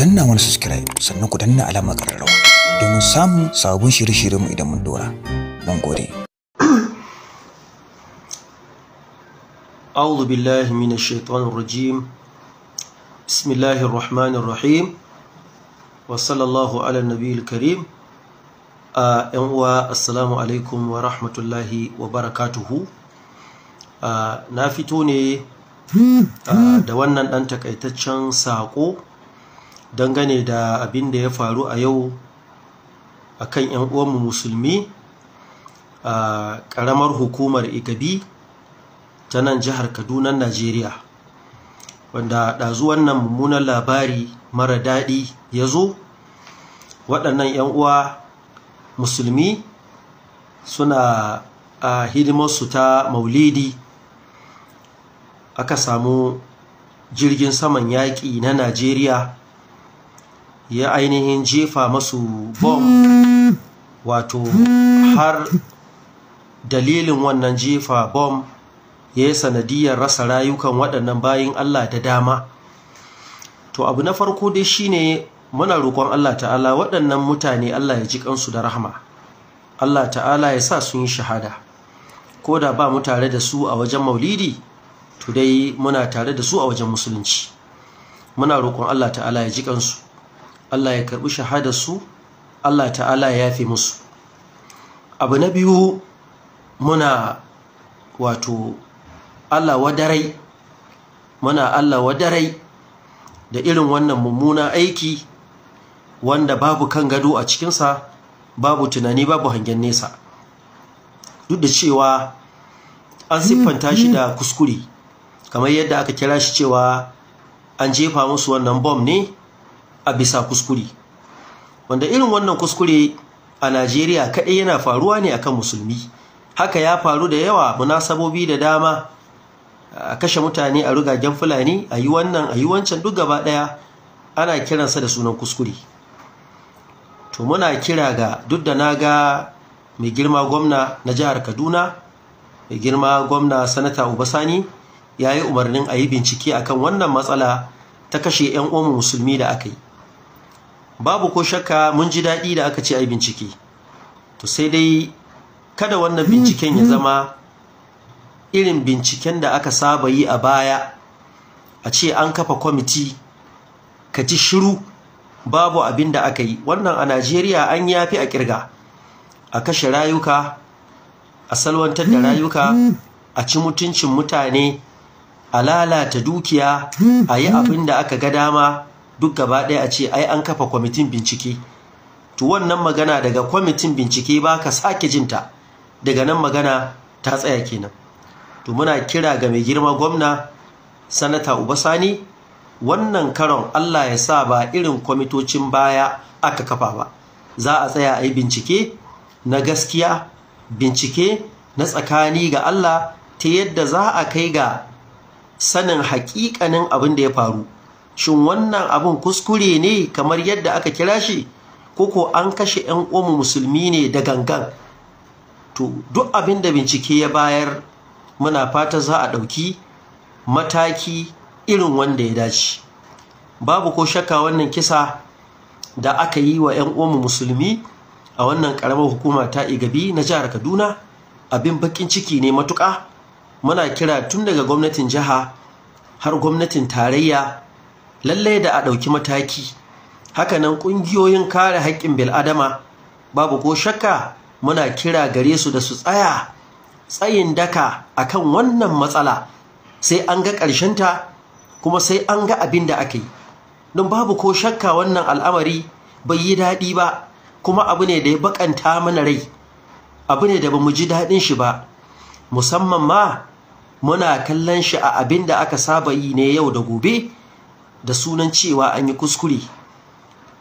danna wani subscribe sannan ku danna alamar ƙararrawa domin samu sabon shirye-shiryenmu idan mun dora. Mun gode. أعوذ بالله من الشيطان الرجيم بسم الله الرحمن الرحيم وصلى الله على النبي الكريم ‘yan uwa assalamu alaikum wa rahmatullahi wa barakatuhu na fito ne da wannan ɗan takaitaccen saƙo dangane da abin da ya faru a yau a kan yan uwanmu musulmi a ƙaramar hukumar igabi ta nan jihar kaduna najeriya wanda ɗazu wannan mummunan labari mara daɗi ya zo waɗannan 'yan uwa musulmi suna a hidimarsu ta maulidi aka samu jirgin saman yaƙi na najeriya ya ainihin jefa masu bom wato har dalilin wannan jefa bom ya yi sanadiyar rasa rayukan waɗannan bayin Allah da dama to abu na farko dai shine muna roƙon Allah ta'ala waɗannan mutane Allah ya ji kansu da rahama Allah ta'ala ya sa sun yi shahada ko da ba mu tare da su a wajen maulidi to dai muna tare da su a wajen musulunci muna roƙon Allah ta'ala ya ji kansu Allah ya karɓi su. Allah ta'ala ya yafe musu abu na biyu muna wato Allah wadarai muna Allah wadarai da irin wannan mummuna aiki wanda babu kan gado a cikinsa babu tunani babu hangen nesa duk da cewa an siffanta shi da kuskure kamar yadda aka kira shi cewa an jefa musu wannan bom ne a bisa kuskure wanda irin wannan kuskure a Najeriya kaɗai yana faruwa ne akan musulmi haka ya faru da yawa munasabobi da dama a kashe mutane a rugagen fulani a yi wannan a yi wancan duk gaba ɗaya ana kiransa da sunan kuskure to muna kira ga duk da na ga mai girma gwamna na jihar kaduna mai girma gwamna sanata ubasani ya yi umarnin a yi bincike akan wannan matsala ta kashe 'yan uwan musulmi da aka yi babu ko shakka mun ji daɗi da aka ce a bincike to sai dai kada wannan binciken ya zama irin binciken da aka saba yi a baya a ce an kafa kwamiti ka ji shiru babu abin da aka yi wannan a najeriya an yafi a kirga a kashe rayuka a salwantar da rayuka a ci mutuncin mutane a lalata dukiya a yi abin da aka ga dama duk gaba ɗaya a ce ai an kafa kwamitin bincike to wannan magana daga kwamitin bincike ba ka sake jinta daga nan magana ta tsaya kenan to muna kira ga mai girma gwamna sanata ubasani wannan karon allah ya sa ba irin kwamitocin baya aka kafa ba za a tsaya a yi bincike na gaskiya bincike na tsakani ga allah ta yadda za a kai ga sanin haƙiƙanin abin da ya faru shin wannan abin kuskure ne kamar yadda aka kira shi koko an kashe 'yan uwanmu musulmi ne da gangan to duk abin da bincike ya bayar muna fata za a ɗauki mataki irin wanda ya dace babu ko shakka wannan kisa da aka yi wa 'yan uwanmu musulmi a wannan ƙaramar hukuma ta igabi na jihar kaduna abin bakin ciki ne matuƙa muna kira tun daga gwamnatin jiha har gwamnatin tarayya lallai da a ɗauki mataki hakanan ƙungiyoyin kare haƙƙin bil'adama babu ko shakka muna kira gare su da su tsaya tsayin daka a kan wannan matsala sai an ga ƙarshen ta kuma sai an ga abin da aka yi don babu ko shakka wannan al'amari bai yi daɗi ba kuma abu ne da ya baƙanta mana rai abu ne da ba mu ji daɗin shi ba musamman ma muna kallon shi a abin da aka saba yi ne yau da gobe da sunan cewa an yi kuskure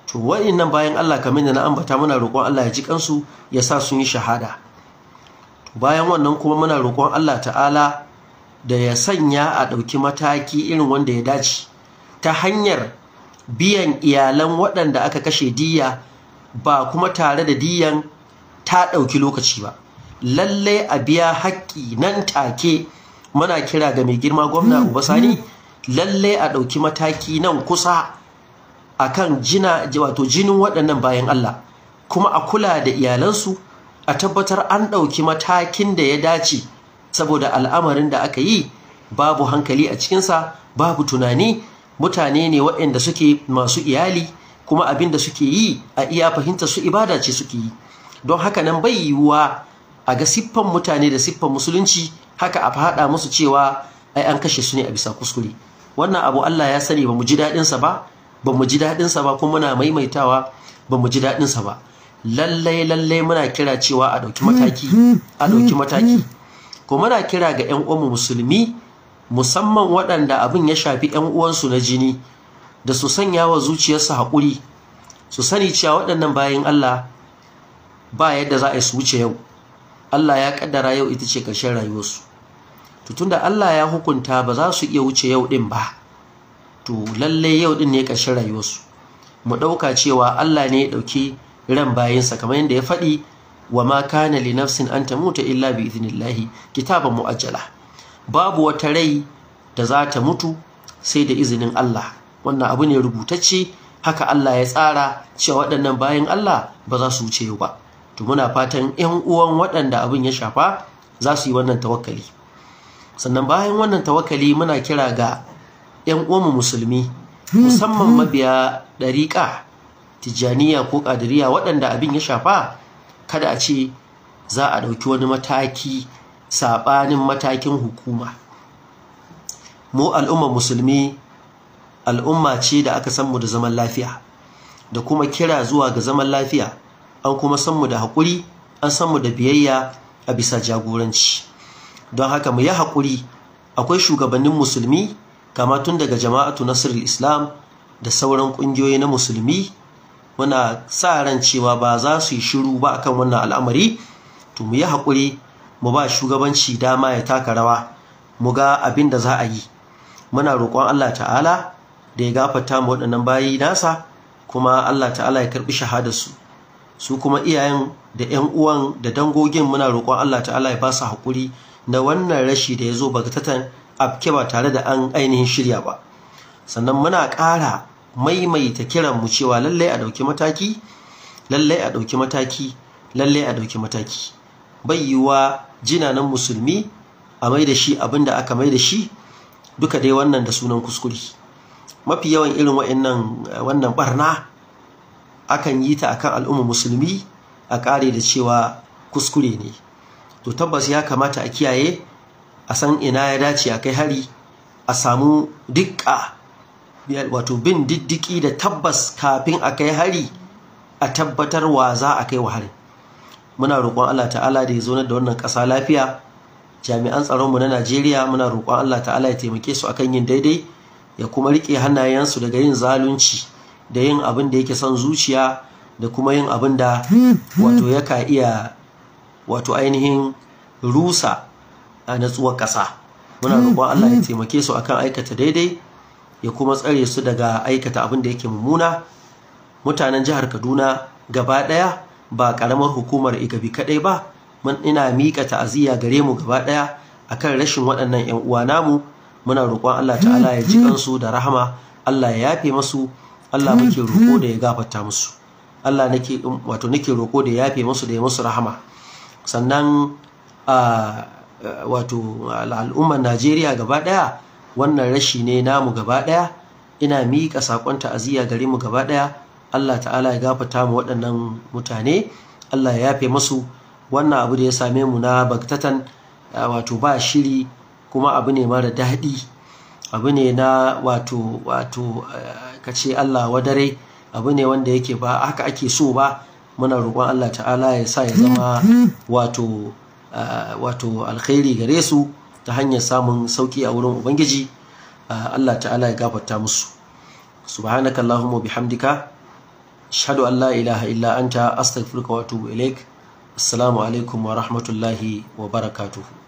to waɗannan bayan Allah kamar da na ambata muna roƙon Allah ya ji kansu ya sa sun yi shahada to bayan wannan kuma muna roƙon Allah ta'ala da ya sanya a ɗauki mataki irin wanda ya dace ta hanyar biyan iyalan waɗanda aka kashe diya ba kuma tare da diyan ta ɗauki lokaci ba lallai a biya haƙƙi nan take muna kira ga mai girma gwamna Uba Sani mm. lalle a ɗauki mataki nan kusa a kan jina wato jinin waɗannan bayan Allah kuma a kula da iyalansu a tabbatar an ɗauki matakin da ya dace saboda al'amarin da aka yi babu hankali a cikinsa babu tunani mutane ne waɗanda suke masu iyali kuma abin da suke yi a iya fahimta su ibada ce suke yi don haka nan bai yiwuwa a ga siffan mutane da siffan musulunci haka a faɗa musu cewa ai an kashe su ne a bisa kuskure wannan abu Allah ya sani ba mu ji daɗinsa ba ba mu ji daɗinsa ba kuma muna maimaitawa ba mu ji daɗinsa ba lallai lallai muna kira cewa a ɗauki mataki a ɗauki mataki kuma muna kira ga 'yan uwanmu musulmi musamman waɗanda abin ya shafi 'yan uwansu na jini da su sanya wa zuciyarsu haƙuri su sani cewa waɗannan bayan Allah ba yadda za a yi su wuce yau Allah ya ƙaddara yau ita ce ƙarshen rayuwarsu to tunda Allah ya hukunta ba za su iya wuce yau din ba to lalle yau din ne ƙarshen rayuwarsu mu ɗauka cewa Allah ne ya ɗauki ran bayansa kamar yadda ya faɗi wa ma kana li nafsin an tamuta illa bi idnillahi kitaban muajjala babu wata rai da za ta mutu sai da izinin Allah wannan abu ne rubutacce haka Allah ya tsara cewa waɗannan bayan Allah ba za su wuce yau ba to muna fatan 'yan uwan waɗanda abin ya shafa za su yi wannan tawakkali sannan bayan wannan tawakali muna kira ga 'yan uwanmu musulmi hmm. musamman hmm. mabiya ɗariƙa tijjaniya ko ƙadiriya waɗanda abin ya shafa kada a ce za a ɗauki wani mataki saɓanin matakin hukuma mu al'umma musulmi al'umma ce da aka san mu da zaman lafiya da kuma kira zuwa ga zaman lafiya an kuma san mu da haƙuri an san mu da biyayya a bisa jagoranci don haka mu yi haƙuri akwai shugabannin musulmi kama tun daga jama'atu nasir islam da sauran ƙungiyoyi na musulmi muna sa ran cewa ba za su yi shiru ba akan wannan al'amari to mu yi haƙuri mu ba shugabanci dama ya taka rawa mu ga abin da za a yi muna roƙon Allah ta'ala da ya gafarta mu waɗannan bayi nasa kuma Allah ta'ala ya karɓi shahadarsu su kuma iyayen da 'yan uwan da dangogin muna roƙon Allah ta'ala ya ba su haƙuri na wannan rashi da ya zo ta afke ba tare da an ainihin shirya ba sannan muna ƙara maimaita kiran mu cewa lallai a ɗauki mataki lallai a ɗauki mataki lallai a ɗauki mataki bai yiwuwa jinanan musulmi a mai da shi abin da aka mai da shi duka dai wannan da sunan kuskure mafi yawan irin wa'annan eh, wannan barna akan yi ta akan al'umma musulmi a ƙare da cewa kuskure ne to tabbas ya kamata a kiyaye a san ina ya dace a kai hari a samu dukka wato bin diddiki da tabbas kafin a kai hari a tabbatar wa za a kai wa hari muna roƙon Allah ta'ala da ya zo da wannan ƙasa lafiya jami'an tsaronmu na Najeriya muna roƙon Allah ta'ala ya taimake su akan yin daidai ya kuma riƙe hannayensu daga yin zalunci da yin abin da yake son zuciya da kuma yin abin da wato ya ka iya wato ainihin rusa a natsuwar ƙasa muna roƙon Allah ya taimake su akan aikata daidai ya kuma tsare su daga aikata abin da yake mummuna mutanen jihar Kaduna gaba ɗaya ba ƙaramar hukumar Igabi kaɗai ba mun ina miƙa ta'aziyya gare mu gaba ɗaya akan rashin waɗannan 'yan uwa namu muna roƙon Allah ta'ala ya ji hmm. kansu da rahama Allah ya yafe masu Allah muke hmm. roƙo da ya hmm. gafarta musu Allah nake wato nake roƙo da ya yafe musu da ya musu rahama sannan wato al'ummar najeriya gaba ɗaya wannan rashi ne namu gaba ɗaya ina miƙa saƙon ta'aziyya gare mu gaba ɗaya allah ta'ala ya gafata mu waɗannan mutane allah ya yafe masu wannan abu da ya same mu na baktatan wato ba shiri kuma abu ne mara daɗi abu ne na wato wato kace allah wadare abu ne wanda yake ba haka ake so ba muna roƙon Allah ta'ala ya sa ya zama wato ah, wato alkhairi gare su ta hanyar samun sauki a wurin ubangiji ah, Allah ta'ala ya gafarta musu subhanaka allahumma bihamdika ashhadu an la ilaha illa anta astaghfiruka wa atubu ilaik assalamu alaikum wa rahmatullahi wa barakatuhu